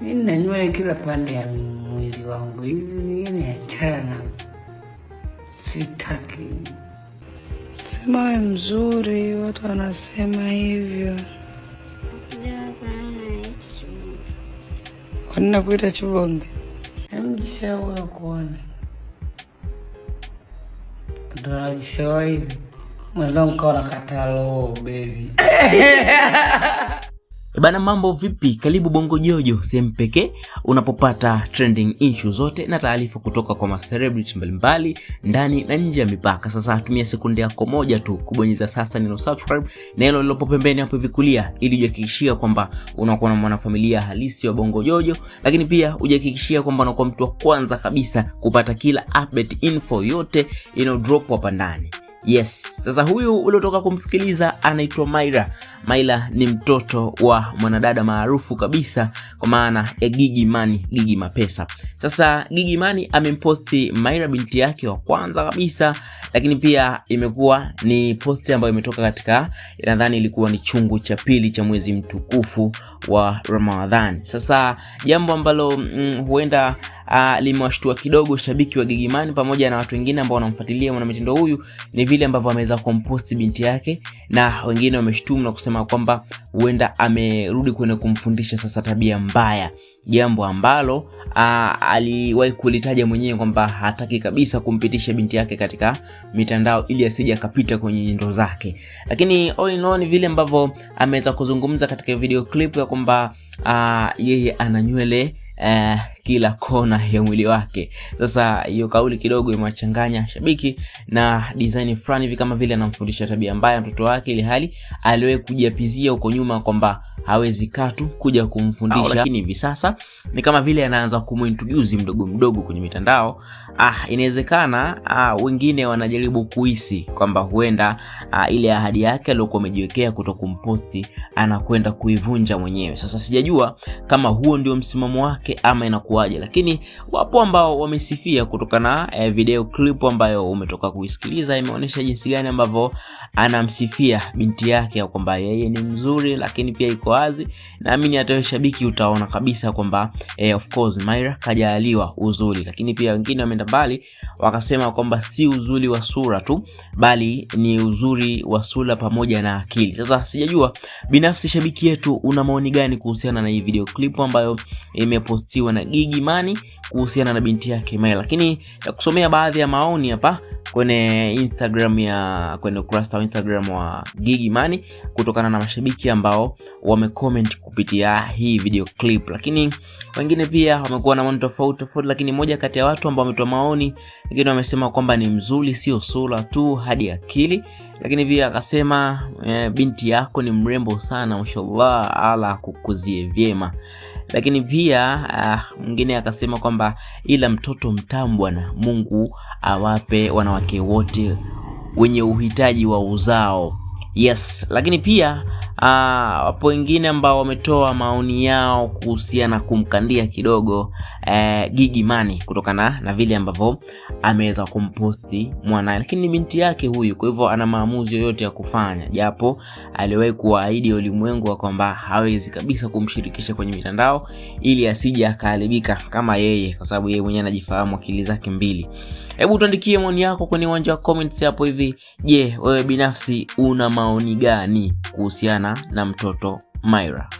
Mimi nina nywele kila pande ya mwili wangu, hizi nyingine achana, sitaki. Sema we mzuri, watu wanasema hivyo. Kwa nini nakuita Chibonge? Yaani Mjishauri kuona ndo hivi, mwenzangu kawa nakataa. bebi Eh, bana, mambo vipi? Karibu Bongo Jojo, sehemu pekee unapopata trending issue zote na taarifa kutoka kwa macelebrity mbalimbali ndani na nje ya mipaka. Sasa tumia sekunde yako moja tu kubonyeza sasa neno subscribe na hilo lilopo pembeni hapo vikulia, ili ujihakikishia kwamba unakuwa na mwanafamilia halisi wa Bongo Jojo, lakini pia ujihakikishia kwamba unakuwa mtu wa kwanza kabisa kupata kila update info yote ino drop hapa ndani. Yes, sasa huyu uliotoka kumsikiliza anaitwa maira Maila ni mtoto wa mwanadada maarufu kabisa kwa maana ya gigi Money, gigi Mapesa. Sasa Gigi Money amemposti Maira binti yake wa kwanza kabisa, lakini pia imekuwa ni posti ambayo imetoka katika, nadhani ilikuwa ni chungu cha pili cha mwezi mtukufu wa Ramadhani. Sasa jambo ambalo mm, huenda uh, limewashtua kidogo shabiki wa Gigiman pamoja na watu wengine ambao wanamfuatilia mwanamitindo huyu, ni vile ambavyo ameweza kumpost binti yake, na wengine wameshtumu na kusema kwamba huenda amerudi kwenye kumfundisha sasa tabia mbaya, jambo ambalo ah, aliwahi kulitaja mwenyewe kwamba hataki kabisa kumpitisha binti yake katika mitandao ili asije akapita kwenye nyendo zake. Lakini all in all, vile ambavyo ameweza kuzungumza katika video clip ya kwamba ah, yeye ana nywele eh, kila kona ya mwili wake. Sasa hiyo kauli kidogo imewachanganya shabiki na design fulani hivi, kama vile anamfundisha tabia mbaya mtoto wake, ili hali aliwahi kujiapizia huko nyuma kwamba hawezi katu kuja kumfundisha, lakini hivi sasa ni kama vile anaanza kumintroduce mdogo mdogo kwenye mitandao. Ah, inawezekana ah, wengine wanajaribu kuhisi kwamba huenda ah, ile ahadi yake aliyokuwa amejiwekea kutokumposti anakwenda kuivunja mwenyewe. Sasa sijajua kama huo ndio msimamo wake ama inakuwa itakuwaje, lakini wapo ambao wamesifia kutokana eh, video clip ambayo umetoka kuisikiliza imeonyesha jinsi gani ambavyo anamsifia binti yake kwamba yeye ni mzuri, lakini pia iko wazi, naamini hata shabiki utaona kabisa kwamba eh, of course Maira kajaliwa uzuri, lakini pia wengine wameenda mbali wakasema kwamba si uzuri wa sura tu, bali ni uzuri wa sura pamoja na akili. Sasa sijajua binafsi, shabiki yetu una maoni gani kuhusiana na hii video clip ambayo imepostiwa na Gigi. Gimani kuhusiana na binti yake Mai, lakini ya kusomea baadhi ya maoni hapa kwenye Instagram ya kwenye ukurasa wa Instagram wa Gigy Money kutokana na mashabiki ambao wamecomment kupitia hii video clip, lakini wengine pia wamekuwa na maoni tofauti tofauti, lakini moja kati ya watu ambao wametoa maoni, wengine wamesema kwamba ni mzuri, sio sura tu hadi akili lakini pia akasema e, binti yako ni mrembo sana mashallah, ala kukuzie vyema. Lakini pia ah, mwingine akasema kwamba ila mtoto mtamu bwana, Mungu awape wanawake wote wenye uhitaji wa uzao. Yes, lakini pia Ah, wapo wengine ambao wametoa maoni yao kuhusiana kumkandia kidogo uh, eh, Gigy Money kutokana na vile ambavyo ameweza kumposti mwanae, lakini ni binti yake huyu, kwa hivyo ana maamuzi yoyote ya kufanya, japo aliwahi kuahidi ulimwengu kwamba hawezi kabisa kumshirikisha kwenye mitandao ili asije akaharibika kama yeye, kwa sababu yeye mwenyewe anajifahamu akili zake mbili. Hebu tuandikie maoni yako kwenye uwanja wa comments hapo hivi. Je, wewe binafsi una maoni gani? kuhusiana na mtoto Myra.